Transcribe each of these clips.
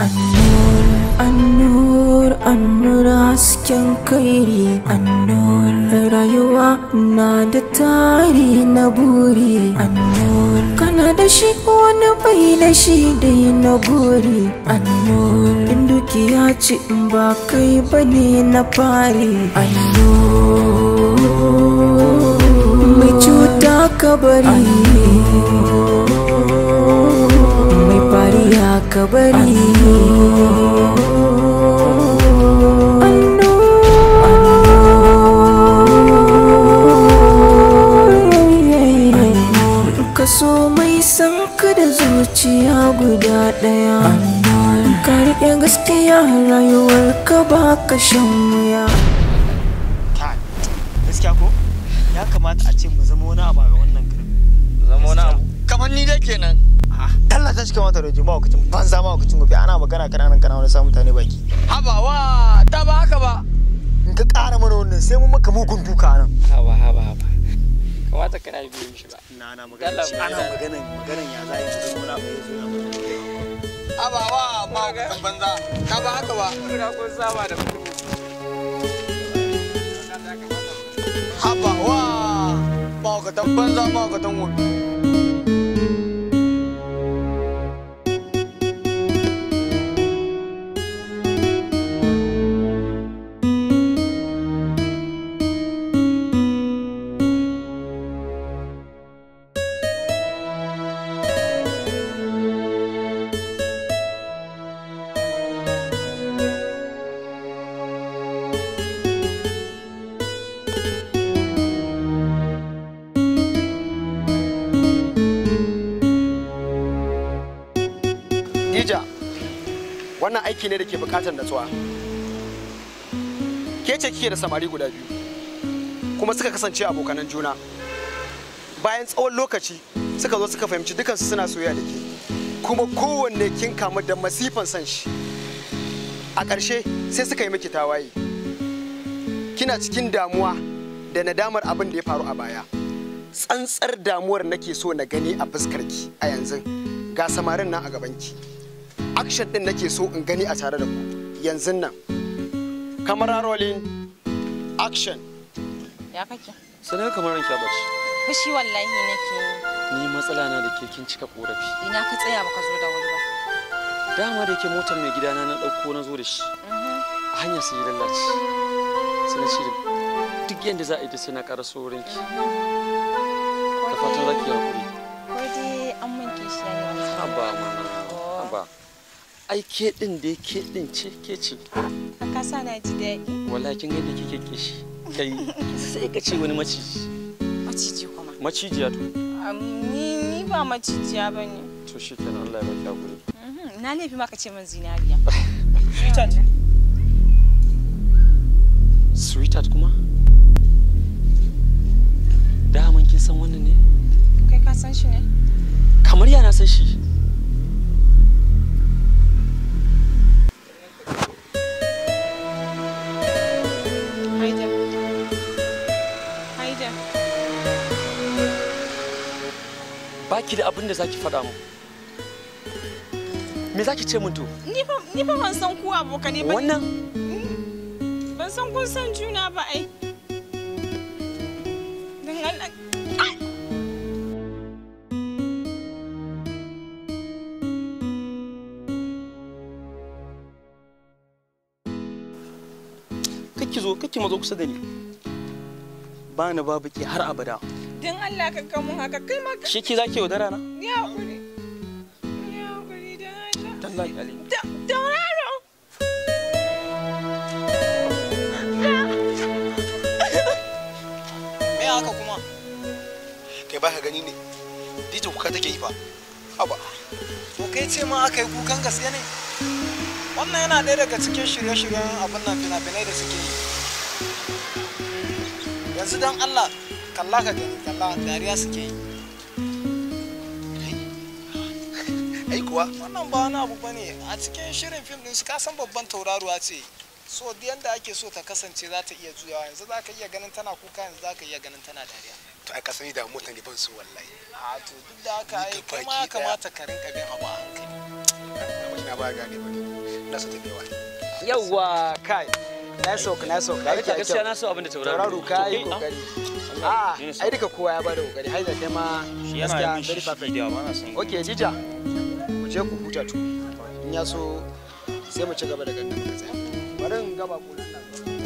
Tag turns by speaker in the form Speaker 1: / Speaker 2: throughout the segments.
Speaker 1: Annur, annur, annur hasken kairi Annur, rayuwa na da tari na buri Annur, kana da shi wani bai da shi dai na buri Annur, dukiya ce ba kai bane na fari Annur kabari mai fariya kabari kaso mai san ka da zuciya guda ɗaya ka riƙe gaskiya rayuwar ka ba ka shan wuya
Speaker 2: ya kamata a ce mu zama wani abu zama wani abu kamar ni dai kenan ah. Allah ta cikin wata rojo mawakacin banza mawakacin gobe ana magana kananan kana wani sa baki haba wa ta ba haka ba in ka ƙara mana wannan sai mun maka mugun duka nan haba haba haba kamata kana yi biyu ba na na magana ana magana magana ya za yi wani abu ya zo haba wa banza ta ba haka ba kun saba da haba wa banza
Speaker 3: aiki ne da ke bukatar natsuwa ke ce kike da samari guda biyu kuma suka kasance abokanan juna bayan tsawon lokaci suka zo suka fahimci dukansu suna soyayya da ke kuma kowanne kin kamu da masifan san shi a ƙarshe sai suka yi miki tawaye kina cikin damuwa da nadamar abin da ya faru a baya tsantsar damuwar nake so na gani a fuskarki a yanzu ga samarin nan a gaban ki action din nake so in gani a tare da ku yanzu nan
Speaker 2: kamar rolling action ya kake sanar kamar ranki bace
Speaker 4: fushi wallahi nake
Speaker 2: ni matsala na da ke kin cika korafi
Speaker 4: ina ka tsaya baka zo da wuri ba
Speaker 2: dama da yake motar mai gidana na dauko na zo da shi mhm. a hanya sai lallaci sai na ce duk yadda za a yi ta sai na ƙara saurin ki da fatan za ki haƙuri
Speaker 4: ko dai an manke shi
Speaker 2: ne ba mana ba ai ke din da ke din ce ke ce
Speaker 4: ka sa na ji dai
Speaker 2: wala kin ga da kike kishi kai sai ka ce wani maciji maciji kuma ya to
Speaker 4: ni ni ba maciji ya bane
Speaker 2: to shikenan Allah ya baki gure
Speaker 4: mhm, na laifi ma ka ce min zinariya sweetheart
Speaker 2: sweetheart kuma daman kin san wannan ne
Speaker 4: kai ka san shi ne
Speaker 2: kamar yana san shi ki da abin da za ki faɗa mu me za ki ce mun to
Speaker 4: ni fa ban san ku aboka ne ba wannan ban san kun san juna ba ai dan Allah
Speaker 2: kake zo kake mazo kusa da ni ba na babu ke har abada
Speaker 4: Din Allah ka kamun haka kai ma Shi ki zaki yaudara na? Ya hakuri. Ya hakuri da Allah. Tallahi Ali. Tauraro.
Speaker 3: Me haka kuma? Kai ba ka gani ne. Dita kuka take yi fa. Haba.
Speaker 5: To kai ce ma aka yi kukan gaske ne? Wannan yana ɗaya daga cikin shirye-shiryen abin nan fina-finai da suke yi. Yanzu don Allah kalla ka gani kalla dariya suke yi ai kuwa wannan ba wani abu bane a cikin shirin fim din su ka san babban tauraruwa ce so yanda ake so ta kasance za ta iya juyawa yanzu za ka iya ganin tana kuka yanzu za ka iya ganin
Speaker 3: tana dariya to ai ka sani da mota ne ban su wallahi a to duk da haka ai kuma ya kamata ka rinka bin abu a hankali na ba gane ba na so ta bewa
Speaker 2: yauwa kai na soka na soka ka ga gaskiya na so abin da ka yi kokari a
Speaker 3: ah. ah, ai duka kowa ya bada kokari da kai ma gaskiya very perfect ok jija ku je ku huta tu in ya so sai mu ci gaba da ganin ka tsaya bari in gaba nan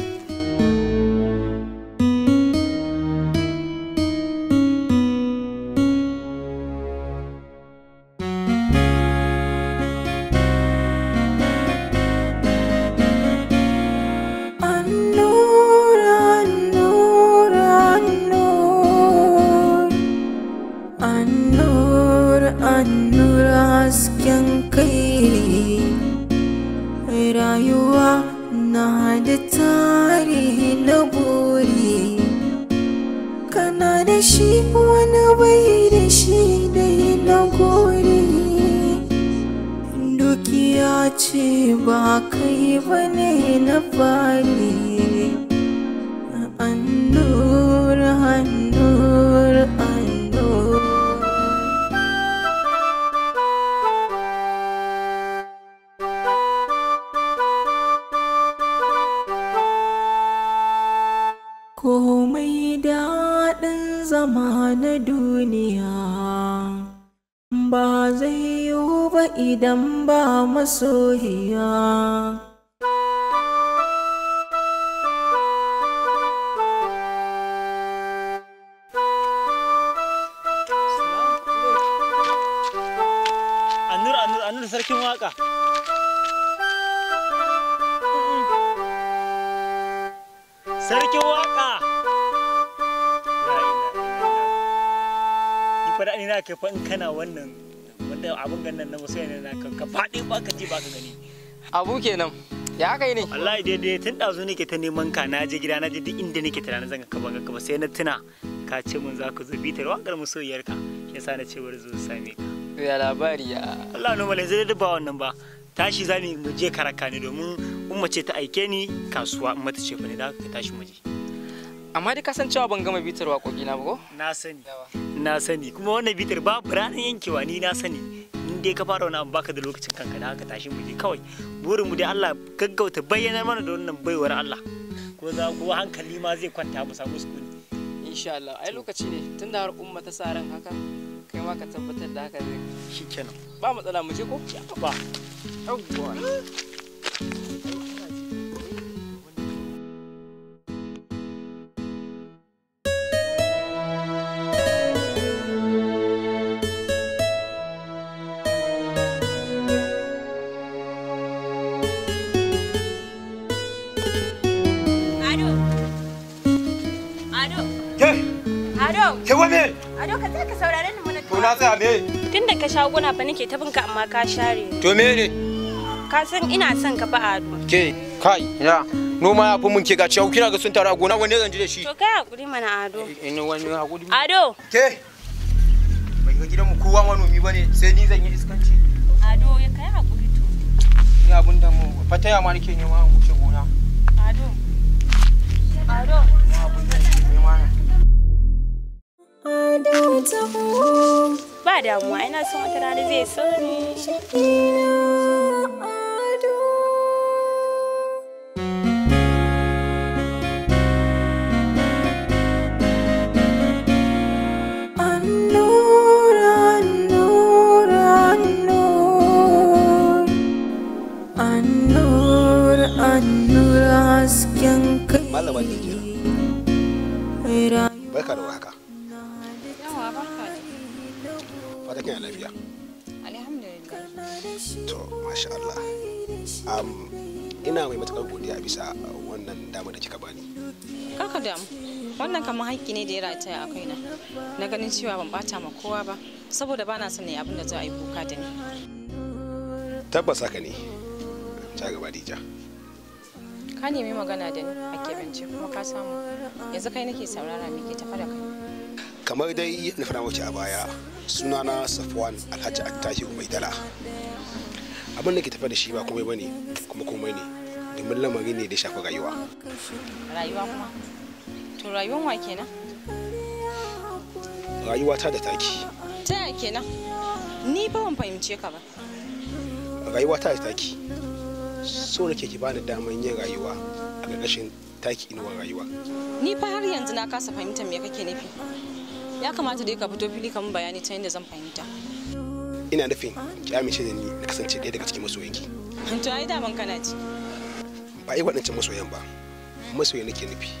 Speaker 1: da tarihi na buri kana da shi wani bai da shi dai na gori dukiya ce ba kai bane na fari a nura hannu idan ba masoyiya.
Speaker 2: sarkin waka. Sarkin waka! Ni fada ni na kai fa in kana wannan da abun gannan na musayi ne ka faɗi ba ka ji ba ka gani abu kenan ya kai ne wallahi dai tun ɗazu nake ta neman ka na je gida na je duk inda nake tunanin zan ka banga ka ba sai na tuna ka ce mun za ka zo bitar wakar musoyiyar ka yasa na ce bari zo same ka ya labari ya Allah no malai zai ba wannan ba tashi zamu mu je karaka ne domin umma ce ta aike ni kasuwa in mata ce fa ne da ka tashi mu je amma dai kasancewa ban gama bitar waƙoƙi na ba ko na sani na sani kuma wannan bitar babu ranar yankewa ni na sani in dai ka fara wani abu baka da lokacin kanka da haka tashi mu kawai burin mu dai Allah gaggauta bayyana mana da wannan baiwar Allah ko za ko hankali ma zai kwanta mu samu sukuni insha Allah ai lokaci ne tunda har umma ta sa ran haka kai ma ka tabbatar da haka zai shikenan
Speaker 4: ba matsala mu ko ba yawwa Ke wa me? Ado ka tsaya ka saurare ni muna. To na tsaya me? Tun da ka shaguna fa nake ta binka amma ka share. To me ne? Ka san ina son ka fa Ado.
Speaker 2: Ke kai
Speaker 3: ya noma ya fi mun ke gaci kina ga sun tara a gona wanne zan ji da shi.
Speaker 4: To kai hakuri mana Ado.
Speaker 2: Ina eh, eh, wani hakuri. Ado. Ke bai ga gidan mu kowa manomi bane sai ni zan yi
Speaker 3: iskanci.
Speaker 4: Ado ya kai hakuri to.
Speaker 3: Ni abin da mu fataya ma nake nema mu wuce
Speaker 4: gona. Ado. Ado. Ni abin da nake nema na. Ba damuwa, ina son wata rana zai so
Speaker 1: ni.
Speaker 4: wannan kamar haƙƙi ne da ya rata a kaina na ganin cewa ban bata ma kowa ba saboda ba son ne abin da za a yi kuka da ni
Speaker 3: tabbas haka ne ta gaba dija
Speaker 4: ka nemi magana da ni a kebance kuma ka samu yanzu kai nake saurara me ke tafa da kai
Speaker 3: kamar dai na fara wuce a baya sunana safwan alhaji attahi mai dala abin da ke tafa da shi ba komai bane kuma komai ne domin lamari ne da shafi rayuwa
Speaker 4: rayuwa kuma To rayuwan wa kenan?
Speaker 3: Rayuwata da taki.
Speaker 4: Ta yaya kenan? Ni fa ban fahimce ka ba.
Speaker 3: Rayuwata da taki. So nake ki bani damar yin rayuwa a ƙarƙashin taki inuwar rayuwa.
Speaker 4: Ni fa har yanzu na kasa fahimtar me kake nufi. Ya kamata dai ka fito fili kamar bayani ta yadda zan fahimta.
Speaker 3: Ina nufin ki amince da ni na kasance ɗaya daga cikin masoyanki.
Speaker 4: To ai ban kana ci.
Speaker 3: Ba ai waɗancan masoyan ba. Masoyan nake nufi.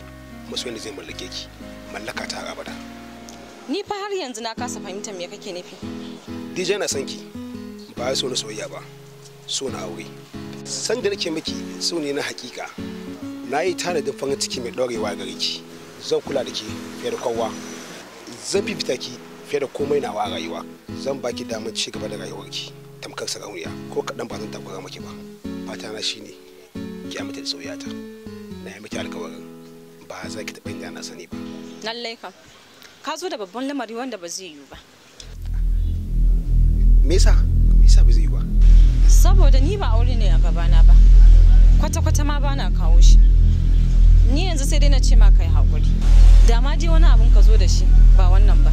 Speaker 3: musu wanda zai mallake ki mallaka ta abada
Speaker 4: ni fa har yanzu na kasa fahimtar me kake nufi
Speaker 3: dija na son ki ba so na soyayya ba so na aure san da nake miki so ne na hakika na yi tanadin farin ciki mai ɗorewa gare ki zan kula da ke fiye da kowa zan fifita ki fiye da komai nawa a rayuwa zan baki damar ci gaba da rayuwar ki tamkar sarauniya ko kaɗan ba zan takura maki ba fata na shine ki amince da ta na yi miki alkawarin ba za ki taɓa yin da sani ba
Speaker 4: lallai kam ka zo da babban lamari wanda ba zai yiwu ba
Speaker 3: me yasa me yasa ba zai yiwu ba
Speaker 4: saboda ni ba aure ne a gabana ba kwata-kwata ma ba na kawo shi ni yanzu sai dai na ce ma kai hakuri da ma je wani abun ka zo da shi ba wannan ba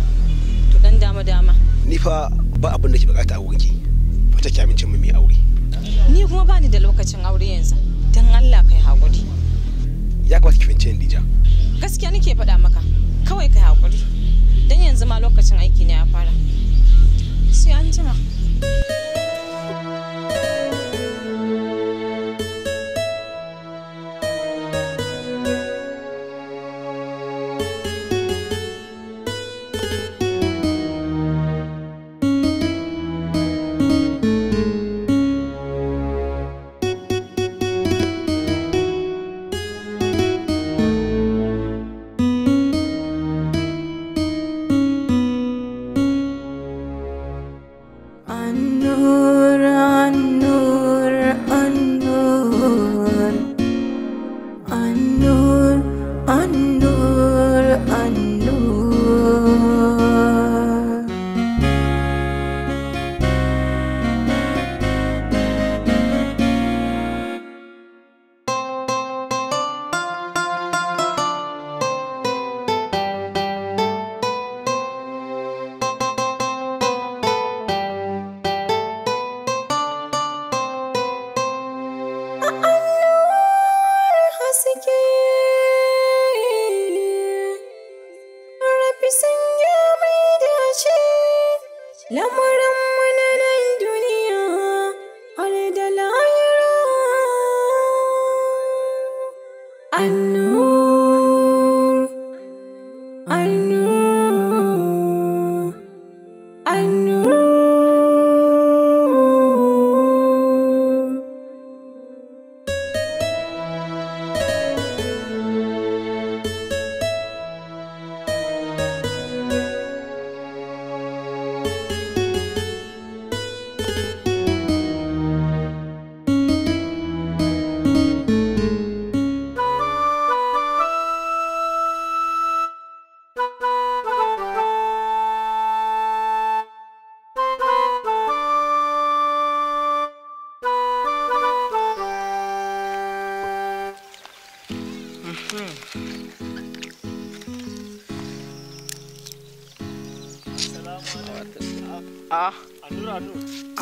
Speaker 4: to dan dama dama
Speaker 3: ni fa ba abin da ke buƙata a wanki fata ki amince mu mai aure
Speaker 4: ni kuma bani da lokacin aure yanzu don Allah kai
Speaker 3: hakuri ya kamata ki fahimce Dija
Speaker 4: gaskiya nake faɗa maka kawai kai hakuri dan yanzu ma lokacin aiki ne ya fara sai an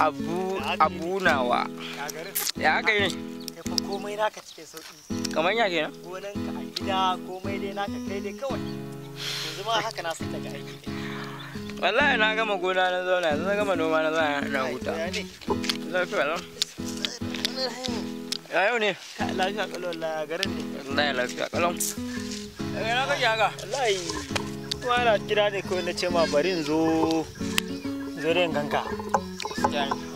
Speaker 2: abu abu nawa ya aka yi ne fa komai naka cikin sauki kamar ya kenan gonan ka a gida komai dai naka kai dai kawai yanzu ma haka na san daga aiki wallahi na gama gona na zauna yanzu na gama noma na zauna na huta lafiya lau ya yau ne lafiya kalau la garin ne wallahi lafiya kalau daga na kake haka wallahi kuma na kira ne ko na ce ma bari in zo zo da ganka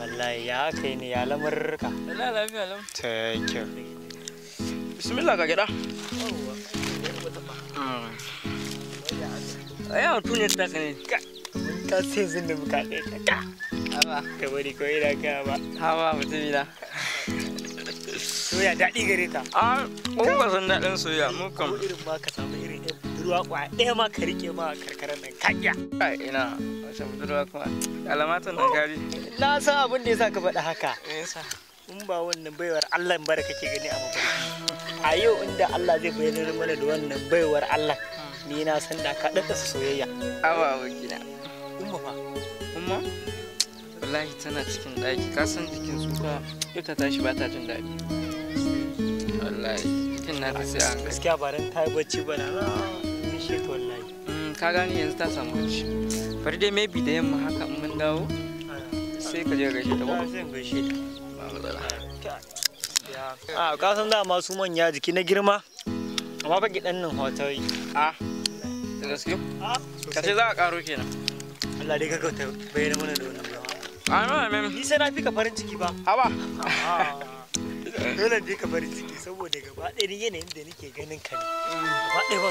Speaker 2: wallahi ya kai ni ya lamarka wallahi bismillah ka gida ya ah. ta ka sai zin da muka ka haba ka bari ko ina ka ba haba soya daɗi gare a ah, daɗin soya irin ba ka samu irin budurwa kwa ɗaya ma ka rike ma karkarar nan ka A ina wata budurwa kuma alamata na gari na san abin da ya sa ka faɗa haka in ba wannan baiwar Allah in bara kake gani a mafarki a yau inda Allah zai bayyana mana da wannan baiwar Allah ni na san da ka su soyayya aba abokina umma fa umma wallahi tana cikin ɗaki ka san jikin su ba yau ta tashi ba ta jin daɗi wallahi Kin na da sai a gaskiya ba ran ta yi bacci ba na ishe wallahi mm, ka gani yanzu ta samu bacci bari dai maybe da yamma haka mun dawo sai ka je gaishe ta ba a ah, manya jiki na girma amma nan a ah, gaske ah, ka ce za a karo kenan Allah dai bayyana mana da
Speaker 6: wannan ba ni
Speaker 2: sai na fi ka farin ciki ba dole ne ka farin ciki saboda gaba ɗaya yanayin da nake ganin ka ne gaba ɗaya ba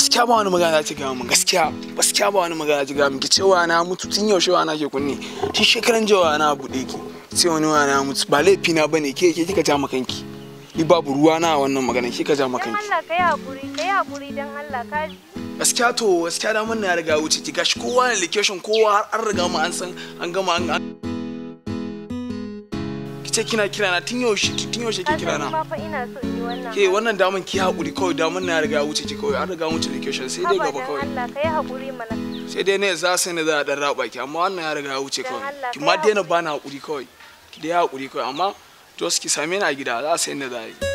Speaker 3: gaskiya ba wani magana ta gaya min gaskiya gaskiya ba wani magana ta gaya min ki cewa na mutu tun yaushe wa na ke kunne shi shekaran jawa na bude ki sai wani wa na mutu ba laifi na bane ke ke kika ja makanki ni babu ruwa na wannan magana ke ka ja makanki
Speaker 6: Allah kai hakuri kai hakuri dan Allah ka
Speaker 3: gaskiya to gaskiya da mun na riga wuce ki gashi kowa ne location kowa har an riga mu an san an gama an ce kina kira na tun yau shi tun yau shi ke kira na ke wannan damun ki haƙuri kawai damun na riga wuce ki kawai an riga wuce da location sai dai gaba
Speaker 4: kawai Allah kai haƙuri mana sai
Speaker 3: dai ne za sai ne za a dan raba ki amma wannan ya riga wuce kawai ki ma daina bana haƙuri kawai ki dai haƙuri kawai amma to ki same ni a gida za sai ne za a yi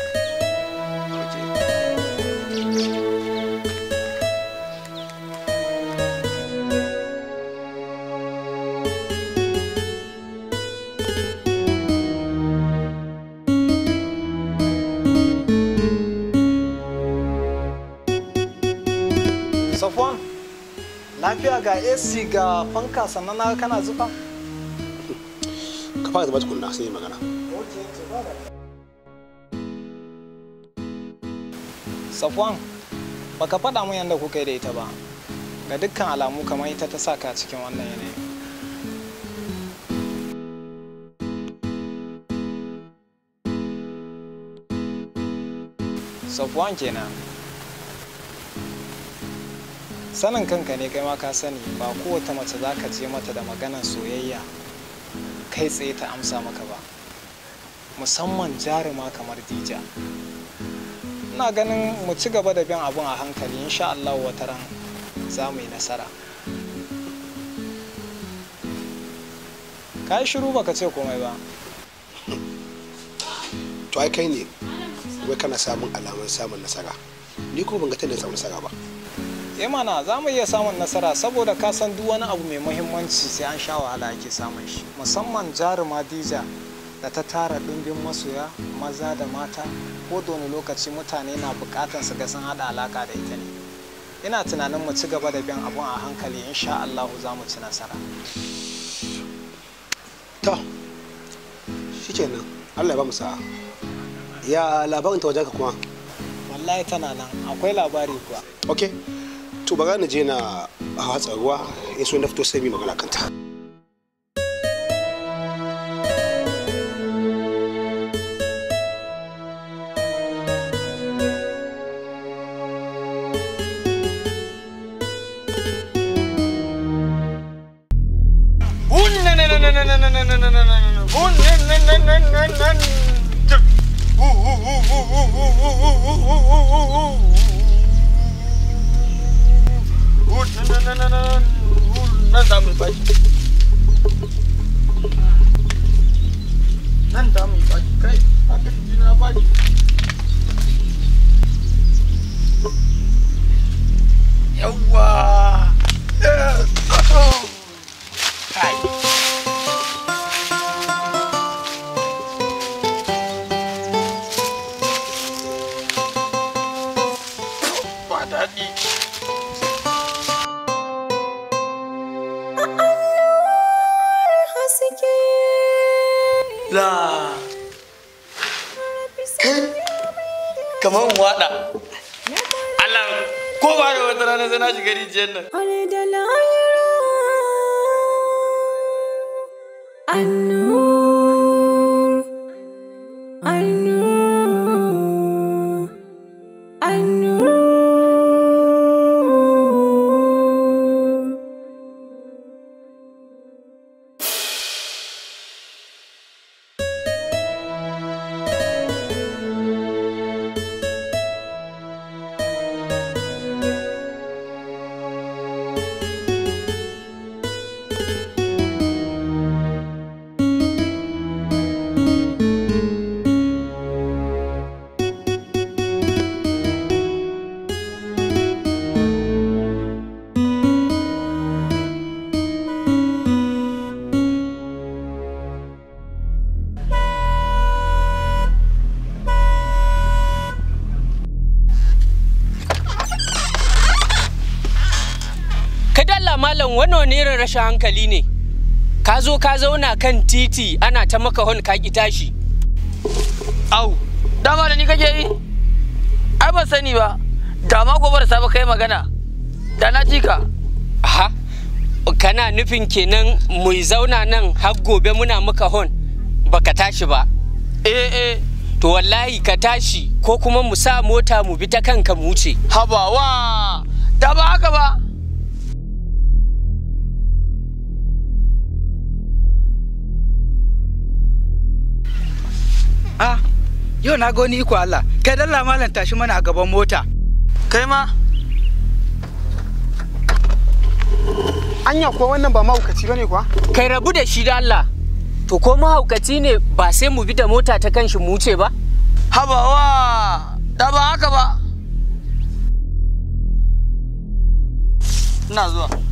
Speaker 5: lafiya ga AC ga fanka sannan na kana zufa?
Speaker 3: Ka fara zuba tukunna sai magana.
Speaker 5: Safwan, baka faɗa mun yadda kuka yi da ita ba. Ga dukkan alamu kamar ita ta saka cikin wannan yanayi. Safwan kenan. sanin kanka ne kai ma ka sani ba kowace mace za ka je mata da maganan soyayya kai tsaye ta amsa maka ba musamman jaruma kamar dija ina ganin mu ci gaba da bin abun a hankali insha Allah ran za mu yi nasara
Speaker 3: ka yi shiru baka ce komai ba to ai kai ne wai kana samun alamun samun nasara ni ko ban ga tana samun nasara ba eh mana za mu iya samun
Speaker 5: nasara saboda ka san duk wani abu mai muhimmanci sai an sha wahala ake samun shi musamman jaruma dija da ta tara ɗumbin masoya maza da mata ko da wani lokaci mutane na buƙatar su ga sun haɗa alaka da ita ne ina tunanin mu ci gaba da bin abun a hankali sha Allah za mu ci nasara
Speaker 3: to nan Allah ya ba mu sa'a ya labarin ta ka kuma
Speaker 5: wallahi tana nan akwai labari kuwa
Speaker 3: okay to ba ga ni je na hatsa ruwa in so na fito sai mi magana kanta
Speaker 2: там и почти. rijiyar nan
Speaker 1: da lahira annur
Speaker 2: wano wani irin rashin hankali ne ka zo ka zauna kan titi ana ta maka hon ka ki tashi au dama da ni kake yi ai ban sani ba dama gobe da safe kai magana da na ji ka aha kana nufin kenan mu zauna nan har gobe muna maka hon baka tashi ba eh eh to wallahi ka tashi ko kuma mu sa mota mu bi ta kanka mu wuce habawa da ba haka ba yau na goni iko Allah kai dalla malam tashi mana a gaban mota kai ma
Speaker 3: anya ko wannan ba mahaukaci bane kuwa
Speaker 2: kai rabu da shi da Allah to ko mahaukaci ne ba sai mu bi da mota ta kanshi mu wuce ba habawa da ba haka ba ina zuwa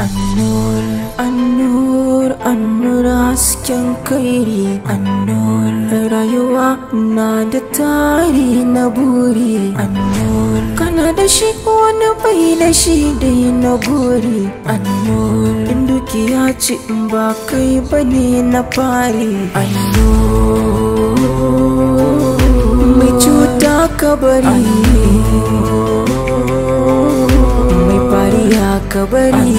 Speaker 1: annur annur annur hasken kairi annur rayuwa na da tari na buri annur kana shi wani bai da shi dai na buri annur dukiya ce ba kai bane na fari annur mai cuta kabari ka bari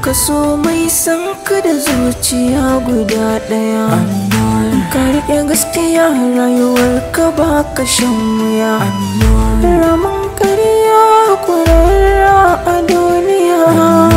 Speaker 1: kaso mai san ka da zuciya guda ɗaya ka riƙe gaskiya rayuwar ka ba ka shan wuya ramin karya kurarra a duniya